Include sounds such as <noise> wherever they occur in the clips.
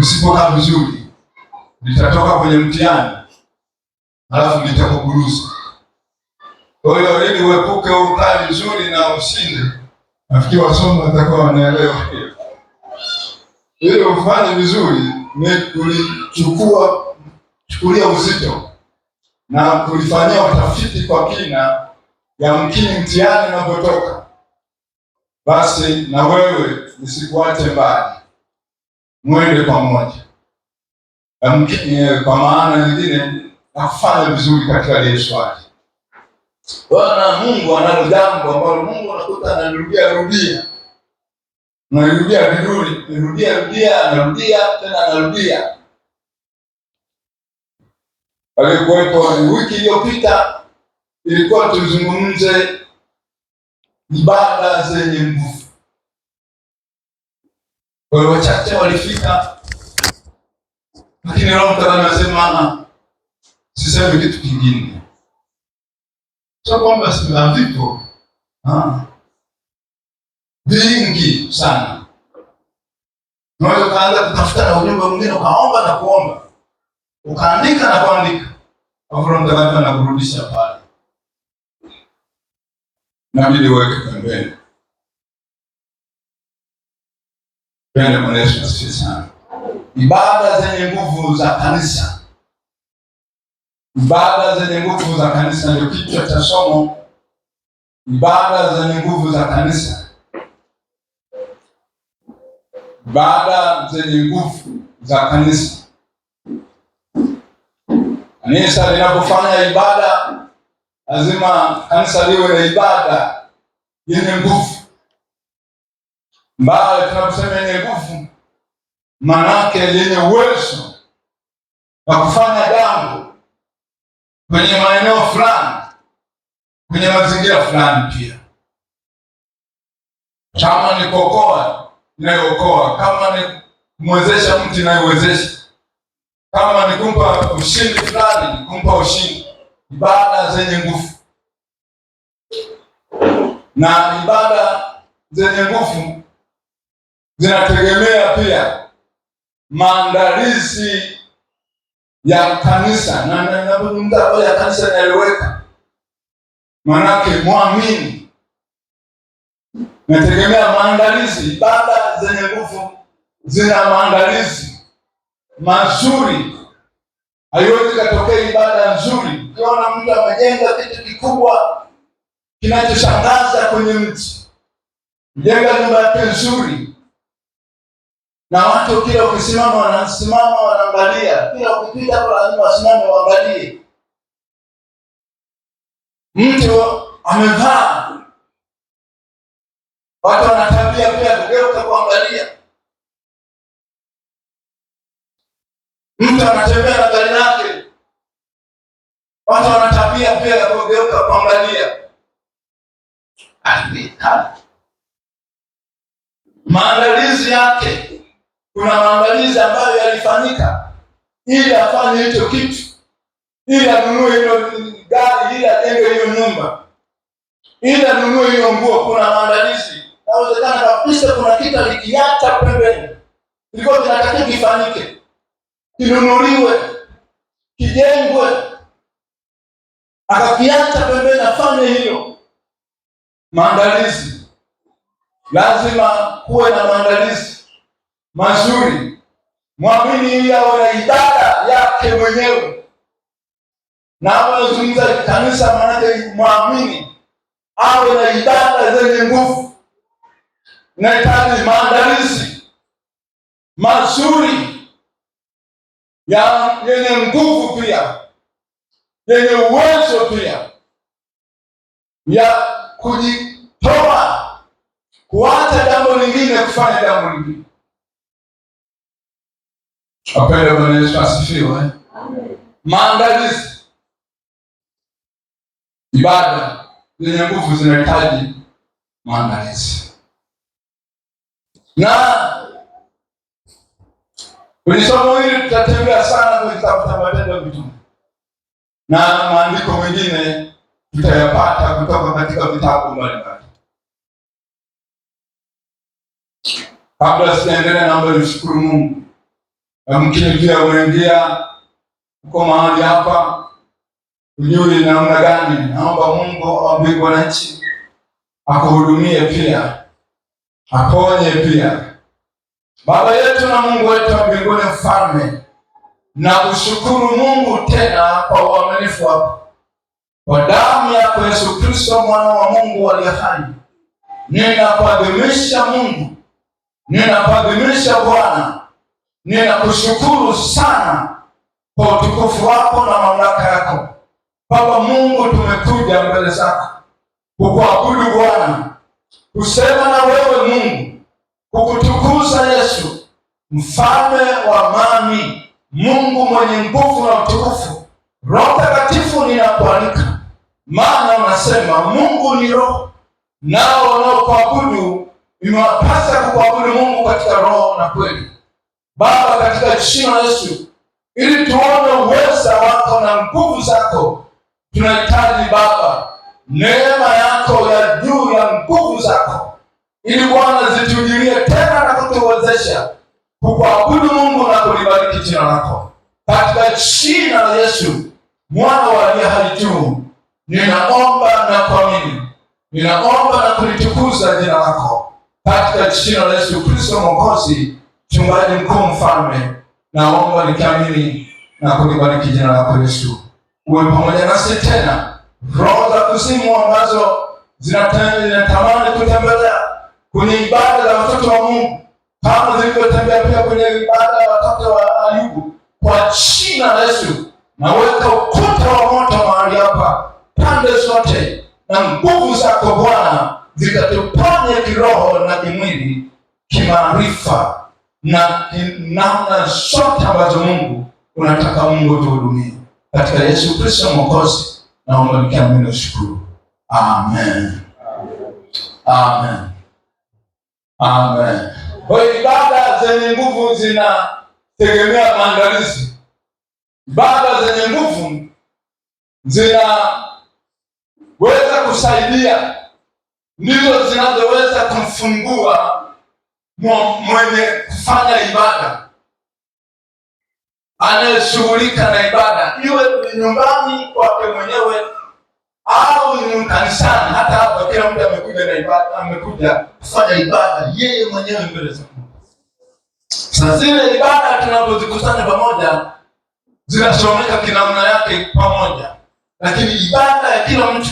Msipokaa vizuri, nitatoka kwenye mtihani halafu nitakuburuza. Kwa hiyo ili uepuke ukae vizuri na ushinde, nafikiri wasomi watakuwa wanaelewa Ili ufanye vizuri ni kulichukua chukulia uzito na kulifanyia utafiti kwa kina, yamkini mtihani unapotoka, basi na wewe nisikuache mbali mwende pamoja, eh, kwa maana nyingine na vizuri katika Yesu aje. Bwana Mungu analo jambo ambalo Mungu anakuta anarudia rudia, narudia vizuri, rudia rudia, anarudia tena, anarudia. Alikuwepo wiki iliyopita, ilikuwa tuzungumze ibada zenye nguvu kwa hiyo wachache walifika, lakini Roho Mtakatifu anasema sisemi kitu kingine sio kwamba sina vipo vingi sana. Unaweza ukaanza kutafuta na ujumbe mwingine, ukaomba na kuomba, ukaandika na kuandika, Roho Mtakatifu anakurudisha pale na vile uweke pembeni. Mpendwa Bwana Yesu asifiwe sana. Ibada zenye nguvu za kanisa, ibada zenye nguvu za kanisa ndio kichwa cha somo. Ibada zenye nguvu za kanisa, ibada zenye nguvu za kanisa. Kanisa linapofanya ibada, lazima kanisa liwe na ibada yenye nguvu mbali, tunaposema yenye nguvu, manake yenye uwezo wa kufanya jambo kwenye maeneo fulani, kwenye mazingira fulani. Pia kama ni kuokoa, inayookoa; kama ni kumwezesha mtu, inayowezesha; kama ni kumpa ushindi fulani, kumpa ushindi. Ibada zenye nguvu na ibada zenye nguvu zinategemea pia maandalizi ya kanisa, na nazungumza habari ya kanisa inaeleweka, manake mwamini nategemea maandalizi. Ibada zenye nguvu zina maandalizi mazuri, haiwezi katokea ibada nzuri. Ukiona mtu amejenga kitu kikubwa kinachoshangaza kwenye mti, jenga nyumba yake nzuri na watu kila ukisimama wanasimama wanaangalia, kila ukipita hapo lazima wasimame waangalie. Mtu amevaa, watu wanatabia pia kugeuka kuangalia. Mtu anatembea na gari lake, watu wanatabia pia kugeuka kuangalia. Maandalizi yake kuna maandalizi ambayo yalifanyika ili afanye hicho kitu, ili anunue hilo gari, ili ajenge hiyo nyumba, ili anunue hiyo nguo. Kuna maandalizi nawezekana kabisa, kuna kitu alikiacha pembeni, ilikuwa kinatakiwa kifanyike, kinunuliwe, kijengwe, akakiacha pembeni, afanye hiyo maandalizi. Lazima kuwe na maandalizi mazuri. Mwamini ili awe na ibada yake mwenyewe, na anazungumza kanisa, maanake mwamini awe na ibada zenye nguvu, nahitaji maandalizi mazuri ya yenye nguvu pia yenye uwezo pia ya kujitoa, kuacha jambo lingine kufanya jambo lingine. Wapendwa, Bwana Yesu asifiwe. Eh. Maandalizi ibada zenye nguvu zinahitaji maandalizi, na kwenye somo hili tutatembea sana kwenye kitabu Matendo ya na maandiko mengine tutayapata kutoka katika vitabu mbalimbali. Kabla sijaendelea, naomba nimshukuru Mungu na mwingine pia unaingia uko mahali hapa ujui namna gani. Naomba Mungu awabariki wananchi, akuhudumie pia, aponye pia. Baba yetu na Mungu wetu wa mbinguni, Mfalme, na kushukuru Mungu tena kwa uaminifu wako, kwa damu yako Yesu Kristo, mwana wa Mungu aliye hai. Ninakuadhimisha Mungu, ninakuadhimisha Bwana Ninakushukuru sana kwa utukufu wako na mamlaka yako. Baba Mungu, tumekuja mbele zako kukuabudu Bwana, kusema na wewe Mungu, kukutukuza Yesu, mfalme wa amani, Mungu mwenye nguvu na utukufu. Roho Mtakatifu, ninakualika, maana unasema Mungu ni Roho, nao wanaokuabudu imewapasa kukuabudu Mungu katika roho na kweli. Baba, katika jina la Yesu, ili tuone uweza wako na nguvu zako. Tunahitaji Baba neema yako ya juu ya nguvu zako, ili Bwana zitujilie tena na kutuwezesha kukuabudu Mungu na kulibariki jina lako, katika jina la Yesu mwana wa aliye hai juu. Ninaomba na kuamini, ninaomba na kulitukuza jina lako katika jina la Yesu Kristo Mwokozi. Mchungaji mkuu, mfalme, naomba nikiamini na kulibariki jina lako Yesu. Uwe pamoja nasi tena. Roho za kuzimu ambazo zinatamani kutembelea kwenye ibada za watoto wa Mungu kama zilivyotembea pia kwenye ibada ya watoto wa Ayubu, kwa jina la Yesu naweka ukuta wa moto mahali hapa, pande zote, na nguvu zako Bwana zikatupanye kiroho na kimwili, kimaarifa na namna zote ambazo Mungu unataka Mungu tuhudumie katika Yesu Kristo Mwokozi, naomba mkiamini shukuru. Amen. Amen. Amen. Kwa ibada zenye nguvu zinategemea maandalizi. Ibada zenye nguvu zinaweza kusaidia, ndizo zinazoweza kumfungua mwenye fanya ibada, anayeshughulika na ibada, iwe nyumbani kwake mwenyewe au ni kanisani. Hata hapo kila mtu amekuja na ibada, amekuja kufanya ibada yeye mwenyewe mbele za Mungu. Sasa zile ibada tunazozikusanya pamoja zinasomeka kinamna yake pamoja, lakini ibada ya kila mtu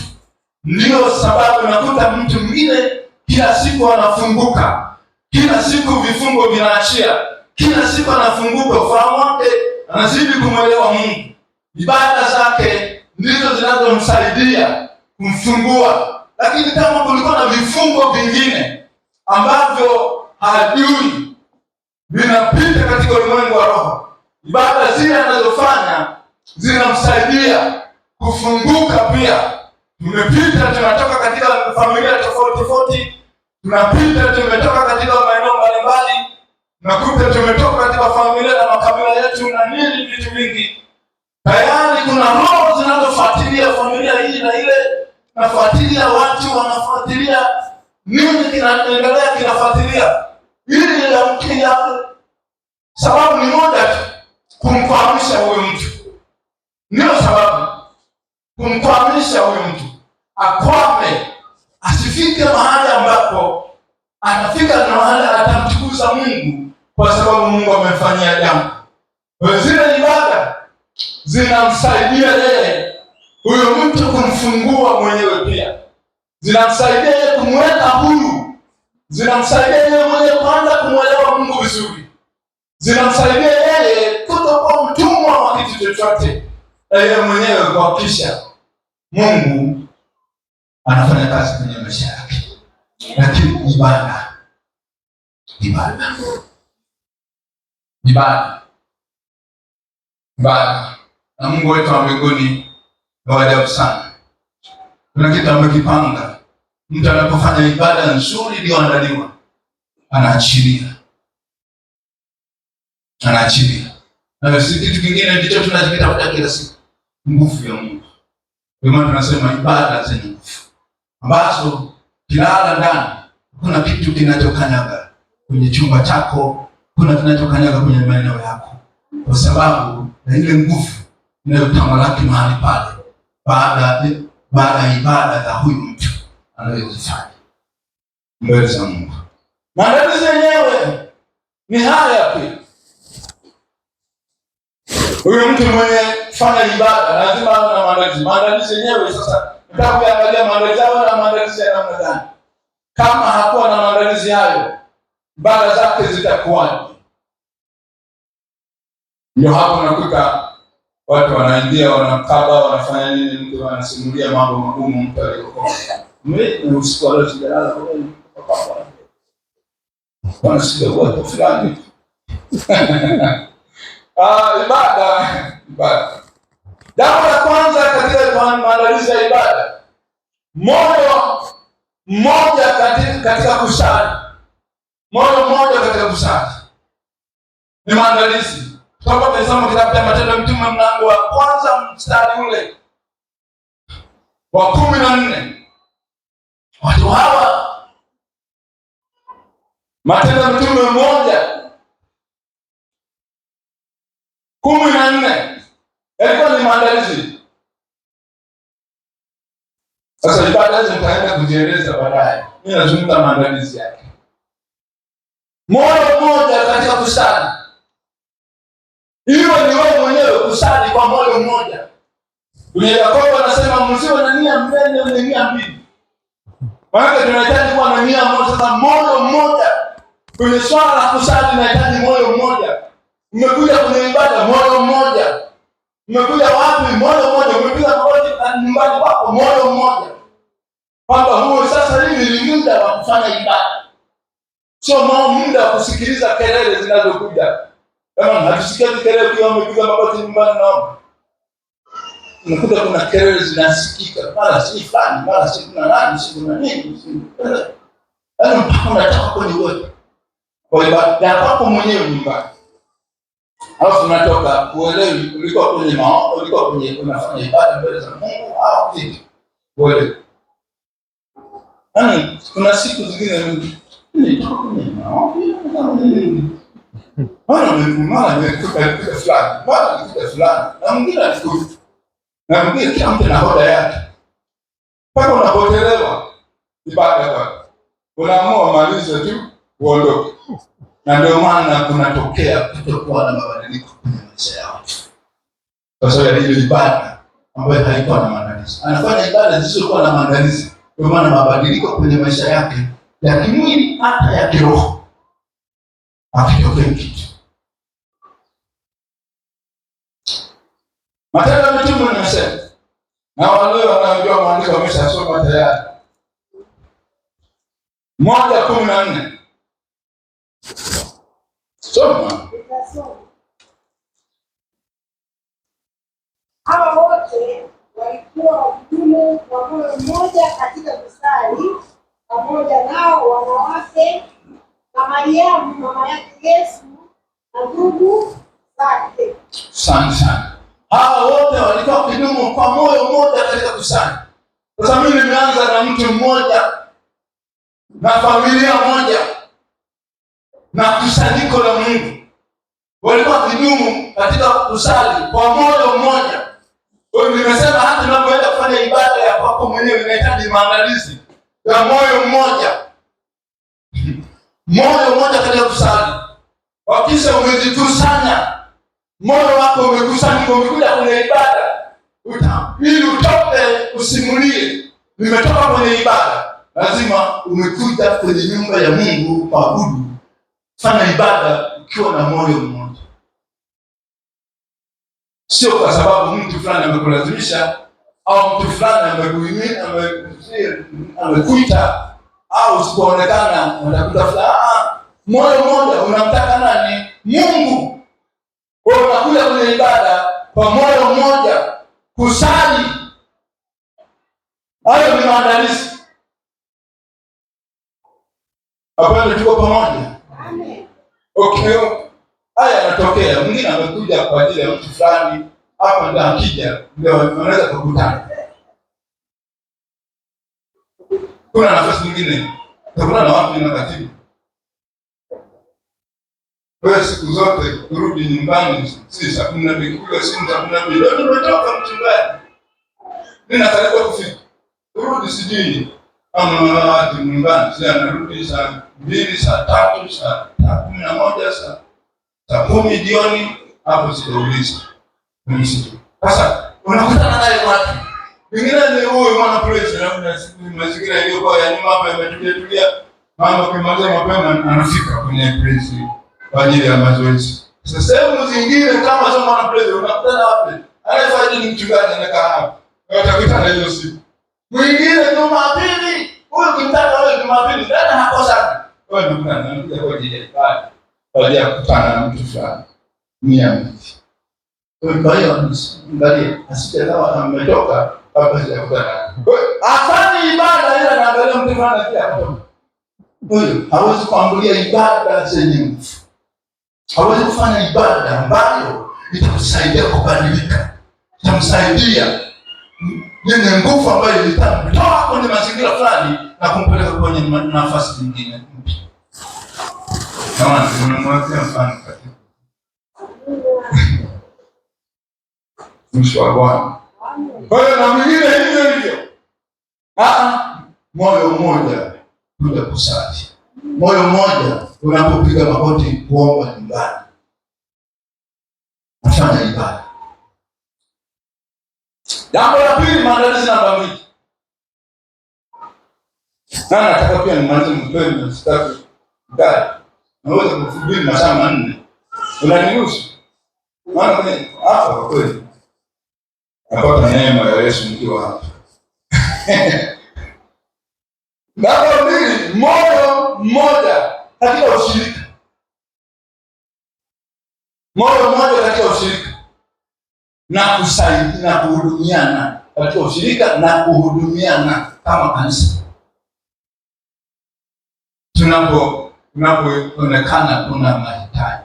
ndiyo sababu nakuta mtu mwingine kila siku anafunguka kila siku vifungo vinaachia, kila siku anafunguka ufahamu wake, anazidi kumwelewa Mungu. Ibada zake ndizo zinazomsaidia kumfungua, lakini kama kulikuwa na vifungo vingine ambavyo hajui vinapita katika ulimwengu wa roho, ibada zile anazofanya zinamsaidia kufunguka pia. Tumepita, tunatoka katika familia Tunapita, tumetoka katika maeneo mbalimbali, nakuta tumetoka katika familia na makabila yetu na nini, vitu vingi tayari. Kuna roho zinazofuatilia familia hii na ile, nafuatilia watu wanafuatilia nini kinaendelea, kinafuatilia ili yamkia. Sababu ni moja tu, kumkwamisha huyu mtu. ndio sababu kumkwamisha huyu mtu akwame isifike mahali ambapo atafika na mahali atamtukuza Mungu kwa sababu Mungu amemfanyia jambo. Zile ibada zinamsaidia yeye huyo mtu kumfungua mwenyewe, pia zinamsaidia yeye kumweka huru, zinamsaidia yeye mwenyewe kwanza kumwelewa Mungu vizuri, zinamsaidia yeye kutokuwa mtumwa wa kitu chochote, yeye mwenyewe kuhakikisha Mungu anafanya kazi kwenye maisha yake, lakini ibada, ibada, ibada, ibada na Mungu wetu wa mbinguni ni ajabu sana. Kuna kitu amekipanga. Mtu anapofanya ibada nzuri iliyoandaliwa, anaachilia, anaachilia, na si kitu kingine ndicho tunachokitafuta kila siku, nguvu ya Mungu. Ndio maana tunasema ibada zenye nguvu ambazo kilala ndani, kuna kitu kinachokanyaga kwenye chumba chako, kuna kinachokanyaga kwenye maeneo yako, kwa sababu na ile nguvu inayotamalaki mahali pale baada baada ya ibada za huyu mtu anayozifanya mbele za Mungu. Maandalizi yenyewe ni haya pia. Huyu mtu mwenye fanya ibada lazima awe na maandalizi. Maandalizi yenyewe sasa Kaa uyaangalia maandalizi hayo na maandalizi ya namna gani. Kama hakuwa na maandalizi hayo, ibada zake zitakuwaje? Ndio hapo nakuta watu wanaingia wanakaba, wanafanya nini, mtu anasimulia mambo magumu, mtu alikokoa <laughs> ah, ibada ibada Jambo la kwanza katika maandalizi ya ibada, moyo mmoja katika kusali. Moyo mmoja katika kusali ni maandalizi. Tutakuwa kitabu cha Matendo ya Mitume mlango wa kwanza mstari ule wa kumi na nne. Watu hawa Matendo ya Mitume moja kumi na nne Yalikuwa ni maandalizi. Sasa ibada hizo mtaenda kuzieleza baadaye. Mimi nazungumza maandalizi yake. Moyo mmoja katika kusali. Hiyo ni wewe mwenyewe kusali kwa moyo mmoja. Kwenye Yakobo anasema msiwe na nia mbele na nia mbili. Maana tunahitaji kuwa na nia moja na moyo mmoja. Kwenye swala la kusali tunahitaji moyo mmoja. Mmekuja kwenye ibada moyo mmoja. Mmekuja wapi? Moyo mmoja. Mmekuja kote ah, nyumbani kwako, moyo mmoja, kwamba huo sasa hivi ni muda wa kufanya ibada, sio muda wa kusikiliza kelele zinazokuja. Kama hatusikia kelele kwa mpiga magoti nyumbani, naomba unakuta kuna kelele zinasikika, mara si fulani, mara si kuna nani, si kuna nini, yaani mpaka unataka kwenye wote kwa ibada yako mwenyewe nyumbani alafu tunatoka kuelewi, ulikuwa kwenye maombi, ulikuwa kwenye unafanya ibada mbele za Mungu au ah, vipi? Uelewi yani, kuna siku zingine nilitoka kwenye maombi Bwana amefumana amekuta fulani, Bwana kitu fulani, na mwingine alikuta, na mwingine, kila mtu na hoja yake, mpaka unapotelewa ibada yako, unaamua umalize tu uondoke na ndio maana kunatokea kutokuwa na mabadiliko kwenye maisha ya watu, kwa sababu ya hiyo ibada ambayo haikuwa na maandalizi. Anafanya ibada zisizokuwa na maandalizi, ndio maana mabadiliko kwenye maisha yake ya kimwili hata ya kiroho hakitokei kitu. Matendo ya Mitume nimesema, na wale wanaojua maandiko wameshasoma tayari, moja kumi na nne Soma. Hawa wote walikuwa wahudumu wa moyo mmoja katika kusali pamoja nao wanawake na Mariamu mama yake Yesu na ndugu zake. Sana sana. Hawa wote walikuwa wakidumu kwa moyo mmoja katika kusali. Sasa mimi nimeanza na mtu mmoja na familia moja na kusanyiko la Mungu. Walikuwa wakidumu katika kusali kwa moyo mmoja. Kwa hiyo nimesema hata unapoenda kufanya ibada ya kwako mwenyewe inahitaji maandalizi ya moyo mmoja, moyo mmoja katika kusali. Wakisha umejikusanya, moyo wako umekusanyika, umekuja kwenye ibada uta, ili utoke usimulie, nimetoka kwenye ibada. Lazima umekuja kwenye nyumba ya Mungu kuabudu. Fanya ibada ukiwa na moyo mmoja, sio kwa sababu mtu fulani amekulazimisha au mtu fulani amekuita au usipoonekana unatafuta fulani. Ah, ah, moyo mmoja unamtaka nani? Mungu. Wewe unakuja kwenye ibada kwa moyo mmoja kusali. Hayo ni maandalizi. Hapana, tuko pamoja. Okay, haya yanatokea. Mwingine amekuja kwa ajili ya mtu fulani, hapa ndo akija ndio wanaweza kukutana. Kuna nafasi nyingine takutana na watu na katibu. Kwa siku zote kurudi nyumbani si saa kumi na mbili kule, si saa kumi na mbili ndio tunatoka mchungaji, ninakaliwa kufika kurudi sijui ama watu nyumbani, si anarudi saa mbili saa tatu saa saa kumi na moja saa saa kumi jioni hapo sitauliza Sasa unakuta na watu wengine ni huyu mwana polisi, mazingira yaliyokuwa ya nyuma hapa yametulia tulia, mama kimaliza mapema anafika kwenye polisi kwa ajili ya mazoezi. Sasa sehemu zingine kama sio mwana polisi, unakuta wapi anayefaidi ni mchungaji anakaa hapa, watakuta hiyo siku mwingine Jumapili, huyu kimtaka wewe Jumapili, tena hakosa kwa hiyo na mtu fulani, ametoka Afanye ibada ile, anaangalia mtu fulani pia kutoka. hawezi kuambulia ibada zenye mfu. Hawezi kufanya ibada ambayo itamsaidia kubadilika, itamsaidia yenye nguvu ambayo itamtoa kwenye mazingira fulani na kumpeleka kwenye nafasi nyingine mpya. Nimemwekea mfano mwisho wa Bwana. Kwa hiyo na mwingine hivyo hivyo, ah, moyo mmoja kuja kusali, moyo mmoja unapopiga magoti kuomba nyumbani, nafanya ibada. Jambo la pili, maandalizi namba mbili na nataka pia nimalize mtoe ndani, naweza masaa manne, Maana kwenye hapa kwa kweli napata neema ya Yesu hapa <laughs> namba mbili, moyo mmoja katika ushirika, moyo mmoja katika ushirika na kusaidia na kuhudumiana katika ushirika na kuhudumiana kama kanisa tunapo tunapoonekana kuna mahitaji.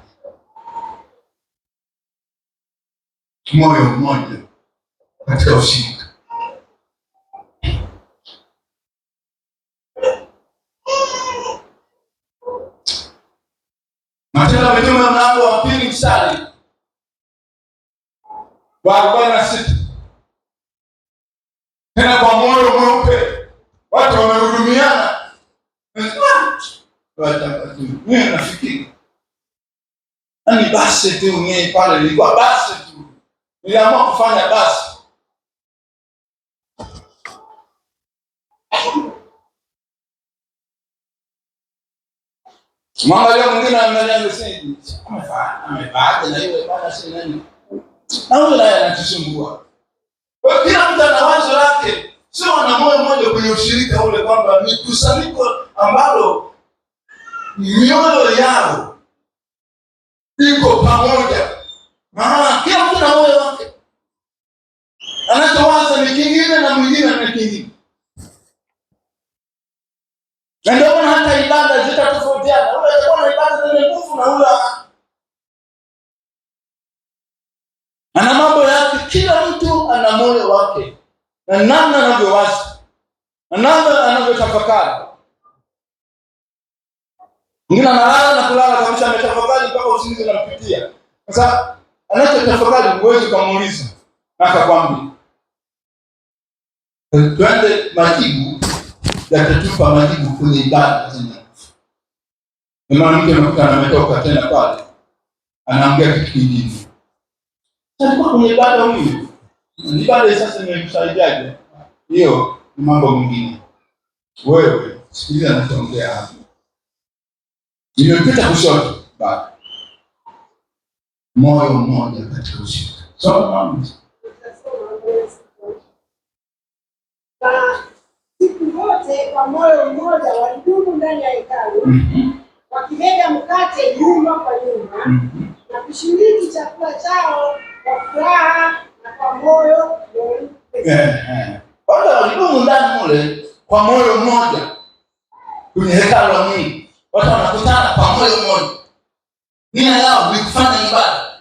Moyo mmoja katika ushirika. Matendo ya Mitume mlango wa pili mstari wa arobaini na sita tena kwa lakini wewe unafikiri ani basi tu pale nilikuwa basi tu niliamua kufanya basi mwingine Amefanya, amebaki na si nani. Kwa kila mtu ana wazo lake, sio ana moyo mmoja kwenye ushirika ule kwamba mikusanyiko ambalo mioyo yao iko pamoja, maana kila mtu na moyo wake, anachowaza ni kingine na mwingine na kingine, na ndio maana hata ibada zitatofautiana. Ule atakuwa na ibada zenye nguvu na ule ana mambo yake. Kila mtu ana moyo wake na namna anavyowaza na namna anavyotafakari. Mwingine analala na kulala kabisa ametafakari mpaka usingizi unampitia. Sasa anachotafakari huwezi kumuuliza mpaka kwambi. Twende majibu yatatupa majibu kwenye ibada tena. Mwanamke mkutano ametoka tena pale. Anaongea kitu kingine. Alikuwa kwenye ibada huyu. Ibada sasa imemsaidiaje? Hiyo ni mambo mengine. Wewe sikiliza anachoongea hapa. Nimepita kushoto bado moyo mmoja katika ushirika. Soma siku kwa moyo mmoja walidumu ndani ya hekalu mhm. wakimega mkate nyumba kwa nyumba mhm. na kushiriki chakula chao kwa furaha na kwa moyo mweupe. Walidumu ndani mule kwa moyo mmoja kwenye hekalu la Mungu watu wanakutana kwa moyo mmoja, nia yao ni kufanya ibada,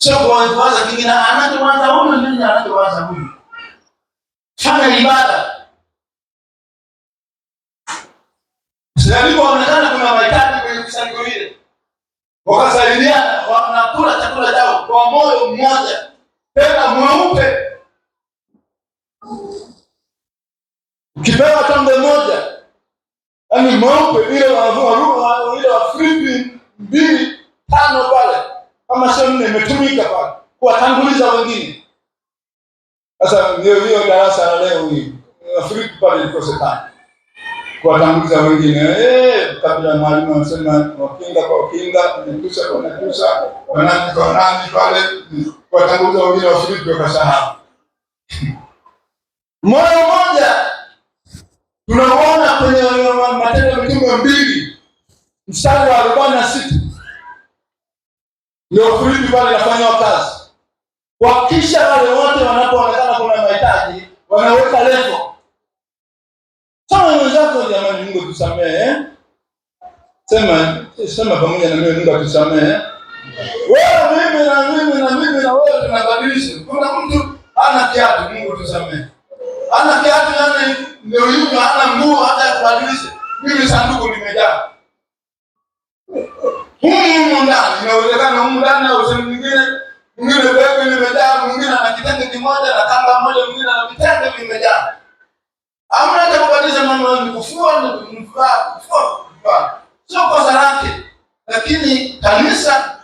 sio kuwaza kingine anachowaza huyu nini, anachowaza huyu. Fanya ibada, alipoonekana kuna mahitaji kwenye kusanyiko lile, wakasalimiana, wanakula chakula chao kwa moyo mmoja, tena mweupe Ukipewa tonge moja, yaani mweupe, ile waruha ile wafripi mbili tano pale, kama sio nne, imetumika pale kuwatanguliza wengine. Sasa ndio hiyo darasa la leo hii, wafripi pale ilikosekana kuwatanguliza wengine. Eh, kabla mwalimu anasema wakinga kwa wakinga, wanakusa kwa nikusa, wanani kwa wanani pale, kuwatanguliza wengine, wa wafripi wakasahau <laughs> moyo mmoja Tunaona kwenye uh, Matendo ya Mitume mbili mstari wa arobaini na sita ndio Filipi pale inafanywa kazi, wakisha wale wote wanapoonekana kuna mahitaji wanaweka levo. Sema mwenzako, jamani, Mungu tusamehe. Sema sema pamoja na mimi, Mungu atusamehe. Wewe mimi na mimi na mimi na wewe tunabadilisha, kuna mtu ana kiatu, Mungu tusamehe hana kiatu, hana meunyuka, hana nguo hata ya kubadilisha. Mimi sanduku limejaa humu humu ndani, inawezekana humu ndani au sehemu nyingine, mwingine begi limejaa, mwingine ana kitenge kimoja na kamba moja, mwingine ana vitenge vimejaa. Amna hata kubadilisha mambo ni kufua, ni kufua, kufua, sio kosa lake, lakini kanisa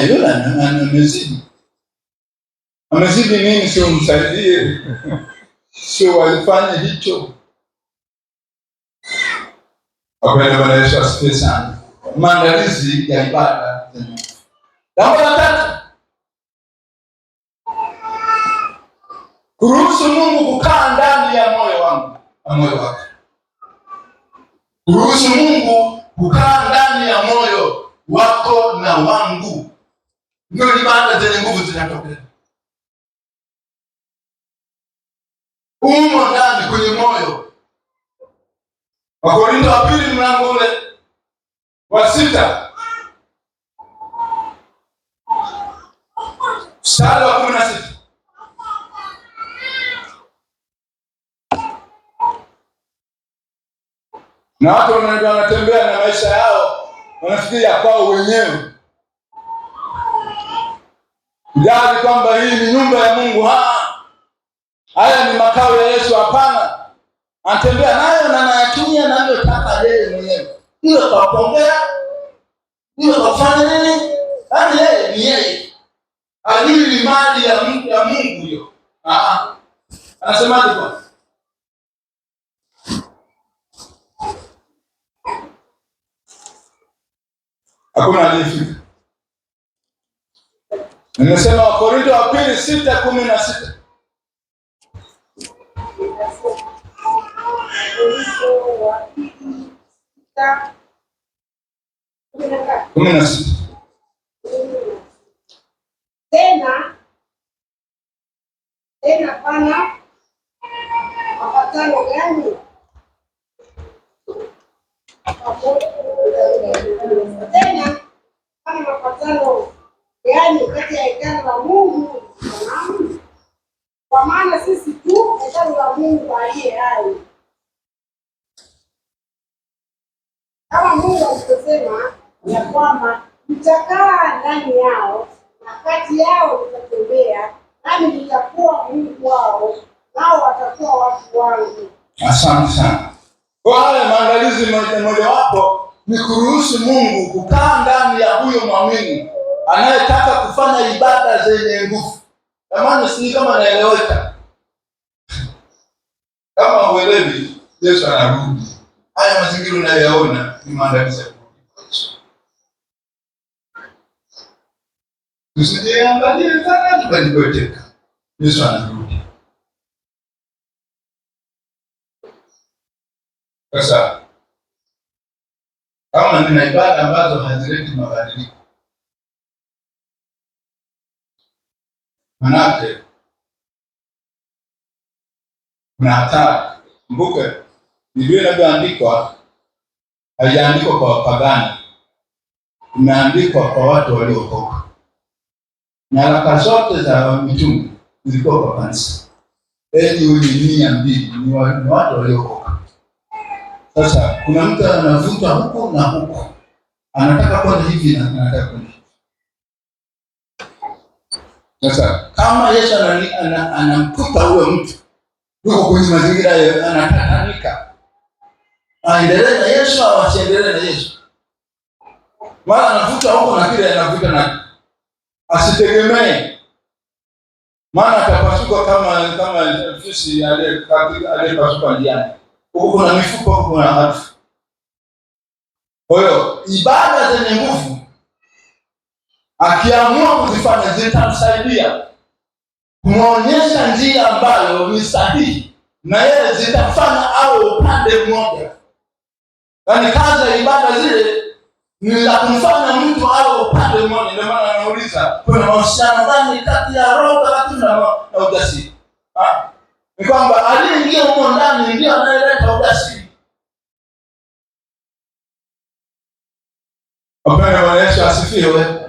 yule amezidi, amezidi mimi, si umsaidie? <laughs> walifanya hicho. Wapenda Bwana Yesu asifiwe sana. Maandalizi ya ibada. Jambo la tatu, kuruhusu Mungu kukaa ndani ya moyo wangu na moyo kuruhusu Mungu kukaa ndani ya moyo wako na wangu ndio ibada zenye nguvu zinatokea umo ndani kwenye moyo. Wakorintho wa pili mlango ule wa sita mstari wa kumi na sita na watu wanatembea na maisha yao wanafikiria kwao wenyewe gari kwamba hii ni nyumba ya Mungu. Ha, Haya ni makao ya Yesu? Hapana, anatembea nayo na anayatumia navyotaka yeye mwenyewe, iwe kwa kuongea, iwe kwa kufanya nini, yaani yeye ni yeye. Hii ni mali ya mtu ya Mungu hiyo. Anasemaje kwa hakuna aliyefika Nimesema Wakorinto wa pili sita kumi na sita kumi na sita tena tena pana mapatano gani? Tena pana mapatano yaani kati ya hekalu la Mungu sanamu, kwa maana sisi tu hekalu la Mungu aliye hai. Kama Mungu alivyosema ya kwamba mtakaa ndani yao na kati yao nitatembea, nami nitakuwa Mungu wao, nao watakuwa watu wangu. Asante sana. Kwa haya maandalizi, mojawapo ni kuruhusu Mungu kukaa ndani ya huyo mwamini anayetaka kufanya ibada zenye nguvu. Jamani, sijui kama naeleweka. Kama uelewi, Yesu anarudi. Haya mazingira unayoyaona ni maandalizi ya kurudi kwa Yesu. Tusijiangalie sana tukajipoteka. Yesu anarudi. Sasa kama nina ibada ambazo hazileti mabadiliko Manake kuna hatari. Kumbuke Biblia inavyoandikwa haijaandikwa kwa wapagani, imeandikwa kwa watu waliokoka. Nyaraka zote za mitume zilikuwa kwa kanisa, enyi wenye nia mbili, ni watu waliokoka. Sasa kuna mtu anavutwa huku na huku, anataka kwenda hivi na anataka kwenda sasa kama Yesu anamkuta huyo mtu yuko kwenye mazingira anatatanika, aendelee na Yesu au asiendelee na Yesu? wala anavuta huko na kile anavuta na asitegemee, maana atapasuka kama kama fisi aliyepasuka njiani. Huko kuna mifupa, huko kuna harufu. Kwa hiyo ibada zenye nguvu akiamua kuzifanya zitamsaidia kumwonyesha njia ambayo ni sahihi, na yeye zitafanya au upande mmoja. Yaani kazi ya ibada zile ni za kumfanya mtu au upande mmoja. Ndio maana anauliza kuna mahusiano gani kati ya Roho Takatifu na ujasiri? Ni kwamba aliyeingia huko ndani ndio anayeleta ujasiri. Wapendwa, Yesu asifiwe.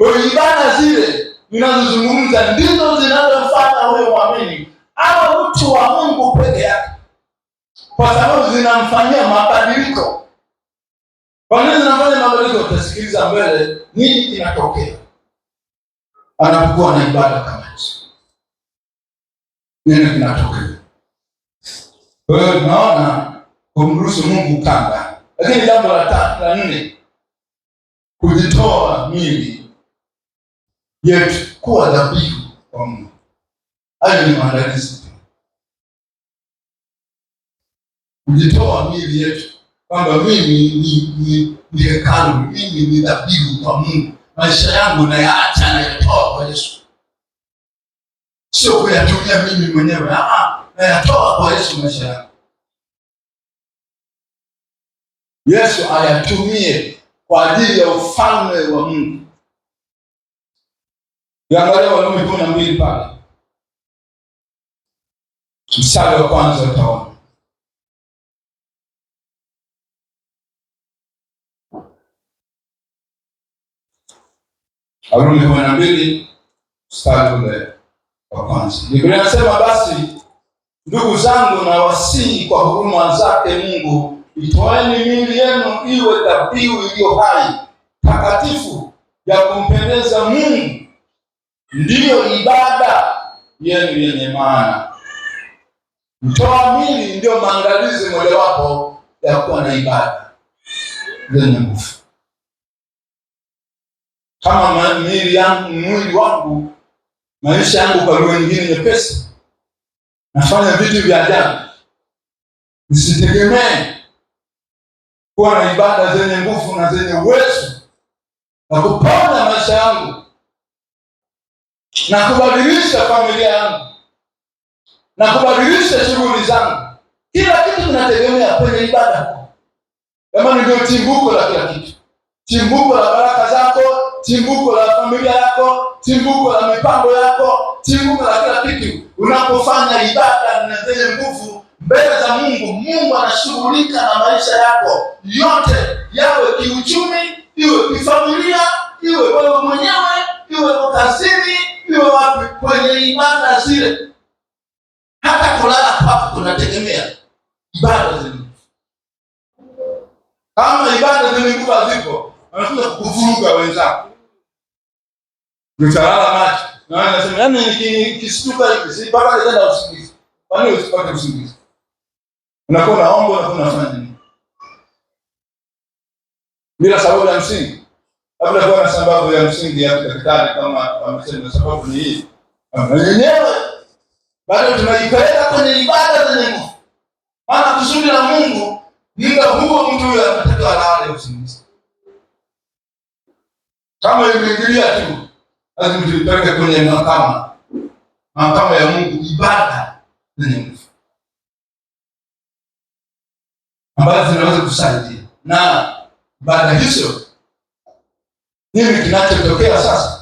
Kwa hiyo ibada zile ninazozungumza ndizo zinazofanya huyo mwamini au mtu wa Mungu peke yake, kwa sababu zinamfanyia mabadiliko. Kwa nini zinafanya mabadiliko? Utasikiliza mbele nini inatokea anapokuwa na ibada kama hizo, nini kinatokea. Kwa hiyo tunaona kumruhusu Mungu kanda, lakini jambo la tatu la nne, kujitoa mimi yetu kuwa dhabihu kwa Mungu. Hayo ni maandalizi, kujitoa mili yetu kwamba mimi ni hekalu, mimi ni dhabihu kwa Mungu. Maisha yangu nayaacha, nayatoa kwa Yesu, sio kuyatumia mimi mwenyewe, nayatoa kwa Yesu maisha yangu Yesu ayatumie kwa ajili ya ufalme wa Mungu. Ukiangalia Warumi kumi na mbili pale mstari wa kwanza utaona Warumi kumi na mbili mstari ule wa kwanza. Biblia inasema basi ndugu zangu, na kwa huruma zake Mungu, itoeni miili yenu iwe dhabihu iliyo hai takatifu ya kumpendeza Mungu ndiyo ibada yenu yenye maana. Mtoa mili ndiyo maandalizi mojawapo ya kuwa na ibada zenye nguvu. Kama mili yangu, mwili wangu, maisha yangu, kwa lugha nyingine nyepesi, nafanya vitu vya ajabu, nisitegemee kuwa na ibada zenye nguvu na zenye uwezo na kupanga maisha yangu na kubadilisha familia yangu na kubadilisha shughuli zangu. Kila kitu kinategemea kwenye ibada. Jamani, ndio timbuko la kila kitu, timbuko la baraka zako, timbuko la familia yako, timbuko la mipango yako, timbuko la kila kitu. Unapofanya ibada na zenye nguvu mbele za Mungu, Mungu anashughulika na maisha yako yote, yawe kiuchumi, iwe kifamilia, iwe wewe mwenyewe, iwe kazini iwe wapi? Kwenye ibada zile, hata kulala kwako kunategemea ibada zile. Kama ibada zenye nguvu hazipo, wanakuja kukuvuruga wenzako, nitalala macho na nasema, yaani hivi, si baba usingizi. Kwa nini usipate usingizi? Unakuwa naomba, unakuwa unafanya nini bila sababu ya msingi? labda kuwa na sababu ya msingi ya daktari, kama wamesema sababu ni hii yenyewe, bado tunajipeleka kwenye ibada za Mungu, maana kusudi la Mungu muda huo mtu huyo anatakiwa alale usingizi. Kama imeingilia tu, lazima tulipeleke kwenye mahakama, mahakama ya Mungu, ibada za Mungu ambazo zinaweza kusaidia na ibada hizo nini kinachotokea sasa?